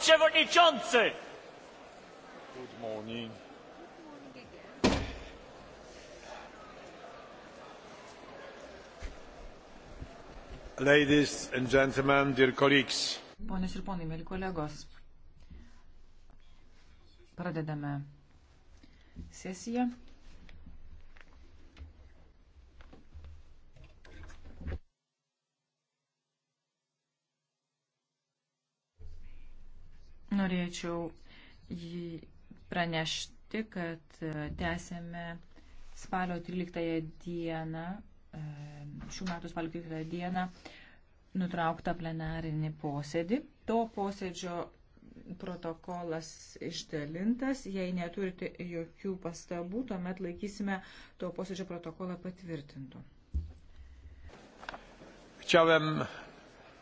przewodniczący! Good morning. Ladies and gentlemen, dear colleagues. Ponios ir ponai, mėly kolegos, pradedame sesiją. norėčiau jį pranešti, kad e, tęsėme spalio 13 dieną, e, šių metų spalio 13 dieną, nutrauktą plenarinį posėdį. To posėdžio protokolas išdalintas. Jei neturite jokių pastabų, tuomet laikysime to posėdžio protokolą patvirtintų. Chciałem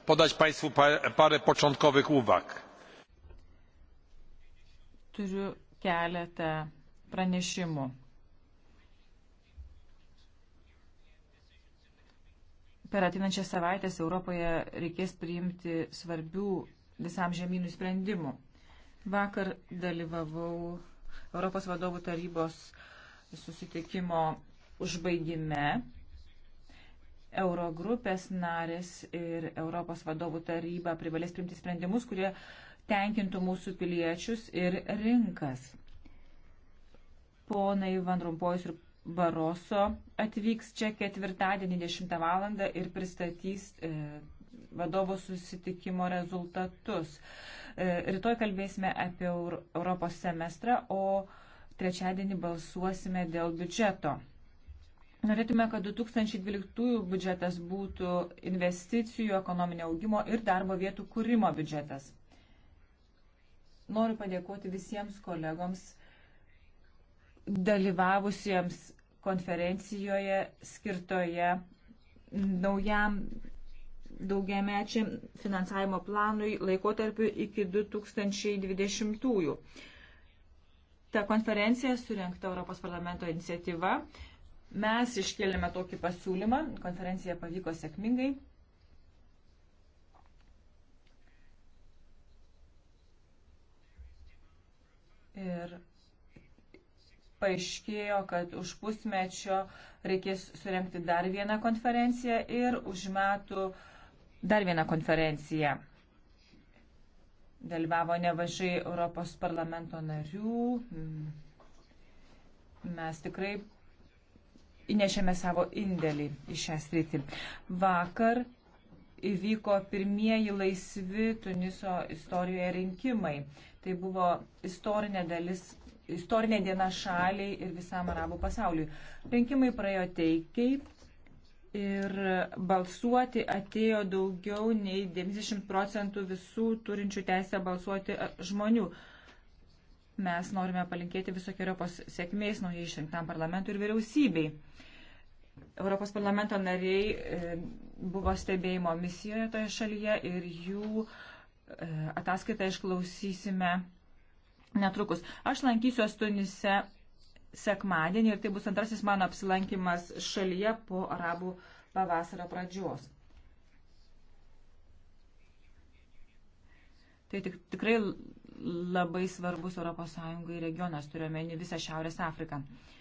podać Państwu parę początkowych uwag Turiu keletą pranešimų. Per ateinančias savaitės Europoje reikės priimti svarbių visam žemynų sprendimų. Vakar dalyvavau Europos vadovų tarybos susitikimo užbaigime. Eurogrupės narės ir Europos vadovų taryba privalės priimti sprendimus, kurie tenkintų mūsų piliečius ir rinkas. Ponai Van Rumpojus ir Baroso atvyks čia ketvirtadienį 10 val. ir pristatys e, vadovo susitikimo rezultatus. E, rytoj kalbėsime apie Europos semestrą, o trečiadienį balsuosime dėl biudžeto. Norėtume, kad 2012 biudžetas būtų investicijų, ekonominio augimo ir darbo vietų kūrimo biudžetas. Noriu padėkoti visiems kolegoms dalyvavusiems konferencijoje skirtoje naujam daugiamečiam finansavimo planui laikotarpiu iki 2020-ųjų. Ta konferencija surinkta Europos parlamento iniciatyva. Mes iškėlėme tokį pasiūlymą, konferencija pavyko sėkmingai. Ir paaiškėjo, kad už pusmečio reikės surenkti dar vieną konferenciją ir už metų dar vieną konferenciją. Dalyvavo nevažai Europos parlamento narių. Mes tikrai įnešėme savo indėlį į šią sritį. Vakar įvyko pirmieji laisvi Tuniso istorijoje rinkimai. Tai buvo istorinė dalis. Istorinė diena šaliai ir visam arabų pasauliui. Rinkimai praėjo teikiai ir balsuoti atėjo daugiau nei 90 procentų visų turinčių teisę balsuoti žmonių. Mes norime palinkėti visokiojopos sėkmės naujai išrinktam parlamentui ir vyriausybei. Europos parlamento nariai e, buvo stebėjimo misijoje toje šalyje ir jų e, ataskaitą išklausysime netrukus. Aš lankysiuos Tunise sekmadienį ir tai bus antrasis mano apsilankimas šalyje po arabų pavasario pradžios. Tai tik, tikrai labai svarbus ES regionas, turiuomenį visą Šiaurės Afriką. Uh,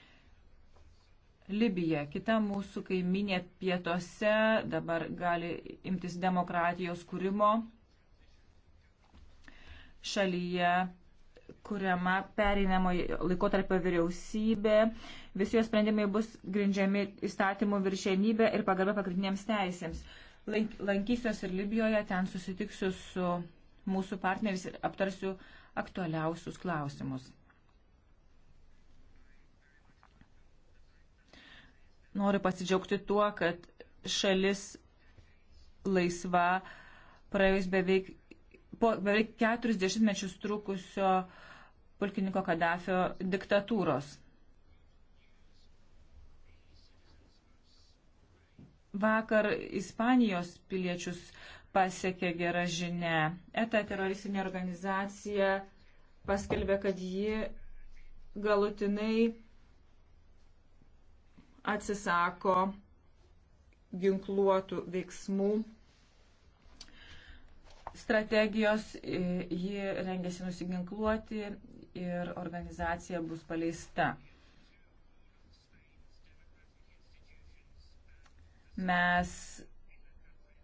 Libija, kita mūsų kaiminė pietose, dabar gali imtis demokratijos kūrimo šalyje kuriama pereinamojo laikotarpio vyriausybė. Visi jos sprendimai bus grindžiami įstatymų viršienybė ir pagarba pagrindiniams teisėms. Lankysiuos ir Libijoje, ten susitiksiu su mūsų partneriais ir aptarsiu aktualiausius klausimus. Noriu pasidžiaugti tuo, kad šalis laisva praėjus beveik, po beveik 40 mečius trukusio pulkininko Kadafio diktatūros. Vakar Ispanijos piliečius pasiekė gera žinia. ETA teroristinė organizacija paskelbė, kad ji galutinai atsisako ginkluotų veiksmų strategijos, ji rengiasi nusiginkluoti ir organizacija bus paleista. Mes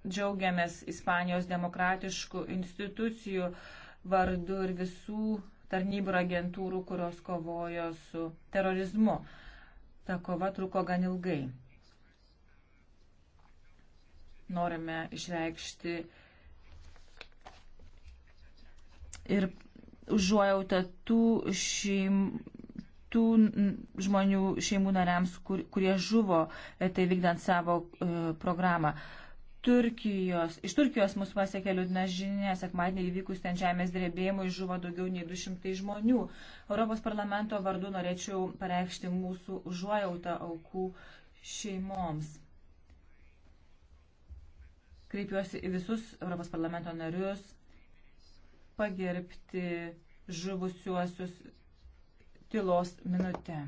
džiaugiamės Ispanijos demokratiškų institucijų vardu ir visų tarnybų agentūrų, kurios kovojo su terorizmu. Uh, ta kova truko gan ilgai. Norime išreikšti ir užuojautą tų, šeim, tų žmonių šeimų nariams, kur, kurie žuvo, e, tai vykdant savo e, programą. E, Turkijos, iš Turkijos mus pasiekė liūdna žinia, sekmadienį įvykus ten žemės drebėjimui žuvo daugiau nei 200 žmonių. Europos parlamento vardu norėčiau pareikšti mūsų užuojautą aukų šeimoms. Kreipiuosi į visus Europos parlamento narius pagerbti žuvusiuosius tylos minutę.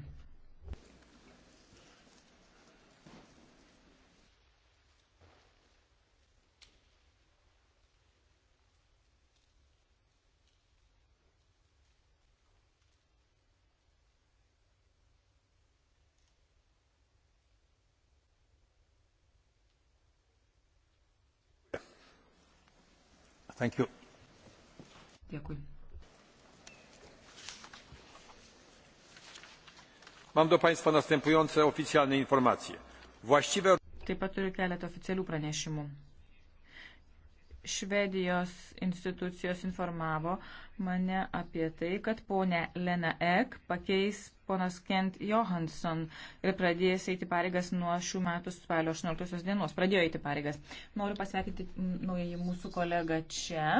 Thank you. Dėkui. Mam do Państwa następujące oficjalne informacje. Właściwe... Taip pat turiu keletą oficialių pranešimų. Švedijos institucijos informavo mane apie tai, kad ponė Lena Ek pakeis ponas Kent Johansson ir pradės eiti pareigas nuo šių metų spalio 18 dienos. Pradėjo eiti pareigas. Noriu pasveikinti naująjį mūsų kolegą čia.